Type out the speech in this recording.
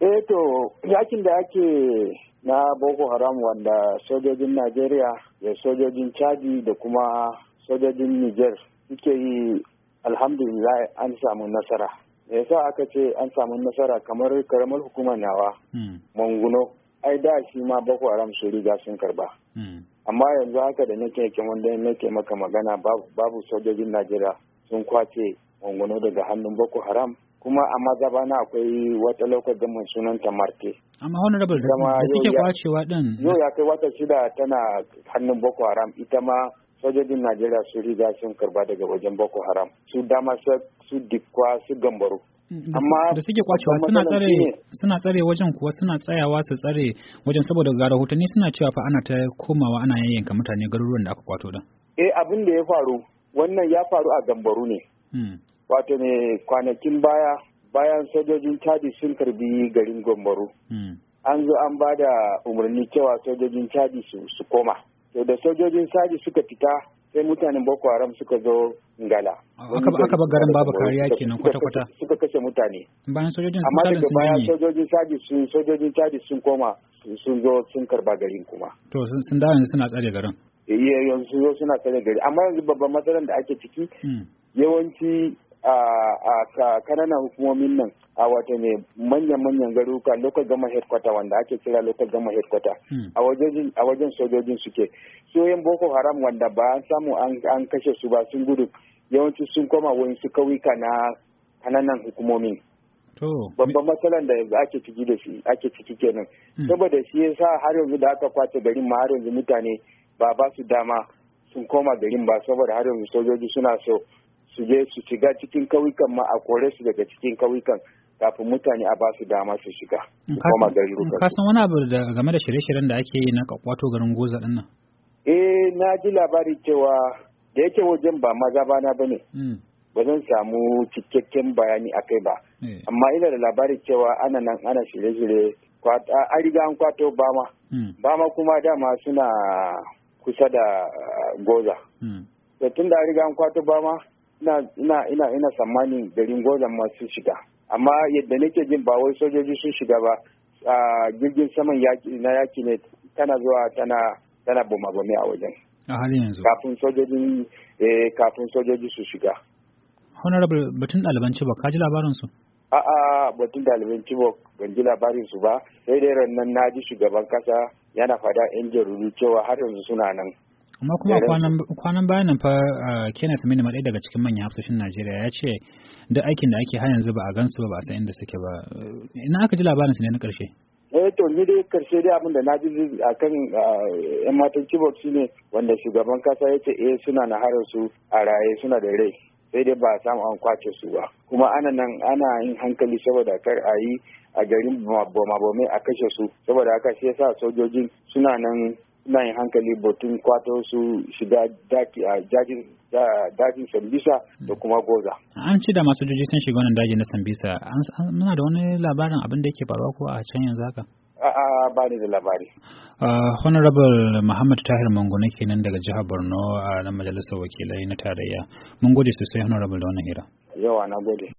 eh to yakin da ake na boko haram wanda sojojin najeriya da sojojin chadi da kuma sojojin niger suke yi alhamdulillah an samu nasara me yasa aka ce an samu nasara kamar karamar hukumar nawa hmm. manguno ai da shi ma boko haram su riga sun karba hmm. amma yanzu haka da nake wanda nake maka magana babu sojojin najeriya sun kwace manguno daga hannun boko haram kuma a mazaba na akwai wata lokacin gamin sunan ta marke. Amma honorable da suke kwacewa din. Yau ya kai wata shida tana hannun Boko Haram ita ma sojojin Najeriya sun riga sun karba daga wajen Boko Haram su dama su dikwa su gambaro. Mm, Amma da suke kwacewa suna tsare suna tsare wajen kuwa suna tsayawa su tsare wajen saboda ga rahotanni suna cewa fa ana ta komawa ana yayyanka mutane garuruwan da aka kwato da. Eh abin da ya faru wannan ya faru a gambaro ne. Mm. wato ne kwanakin baya bayan sojojin chadi sun karbi garin gombaro hmm. an zo an ba da umarni cewa sojojin chadi su koma to da sojojin chadi suka fita sai mutanen boko haram suka zo ngala aka ba garin babu kariya kenan kwata-kwata suka kashe mutane bayan sojojin amma daga bayan sojojin chadi sun sojojin chadi sun koma sun zo sun karba garin kuma to sun dawo suna tsare garin eh, yanzu sun zo suna tsare garin amma yanzu babban matsalar da ake ciki hmm. yawanci a kananan hukumomin nan a wata ne manyan-manyan garuka local government headquarter wanda ake kira local government headquarter hmm. a wajen sojojin suke soyin boko haram wanda ba an samu an kashe su ba sun gudu yawanci sun koma wani su kauyuka na kananan hukumomin babban matsalan da ake ciki da shi ake ciki kenan hmm. saboda shi yasa har yanzu da aka kwace garin ma har yanzu mutane ba ba su dama sun koma garin ba saboda har yanzu sojoji suna so su je su shiga cikin kauyukan ma a kore su daga cikin kauyukan kafin mutane a ba su dama su shiga koma gari ka san wani abu da game da shirye-shiryen da ake yi na kwato garin goza din nan eh na ji labari cewa da yake wajen ba maza ba na bane hmm. ba zan samu cikakken bayani a kai ba eh. amma ina da labari cewa ana nan ana shirye-shirye an riga an kwato bama hmm. bama kuma dama suna kusa da eh, goza da hmm. tun da an riga an kwato bama ina ina ina tsammanin garin golan ma sun shiga amma yadda nake jin ba wai sojoji sun shiga ba jirgin saman na yaki ne tana zuwa tana tana bumabame a wajen a halin yanzu kafin sojojin eh, kafin sojoji su shiga honorable batun ɗaliban cibok ka ji labarin su a'a batun ɗaliban cibok ban ji labarin su ba sai dai ran nan na ji shugaban kasa yana fada yan jaruru cewa har yanzu suna nan amma kuma kwanan bayan nan fa Kenneth Minima ɗaya daga cikin manyan hafsoshin Najeriya ya ce duk aikin da ake har yanzu ba a gansu ba ba a san inda suke ba ina aka ji labarin su ne na karshe. eh to ni dai karshe dai abin da na ji a kan yan matan kibok shine wanda shugaban kasa ya ce eh suna na harin su a raye suna da rai sai dai ba a samu an kwace su ba kuma ana nan ana yin hankali saboda kar a yi a garin bomabome a kashe su saboda haka shi yasa sojojin suna nan na yin hankali batun kwato su shiga dajin sambisa da kuma goza. An ci da masu juji sun shiga wannan daji na sambisa. Muna da wani labarin abin da yake faruwa ko a can yanzu haka? A'a ba ni da labari. Ah, Honorable Muhammad Tahir Mangone kenan daga jihar Borno a nan majalisar wakilai na tarayya. Mun gode sosai Honorable da wannan hira. Yawa na gode.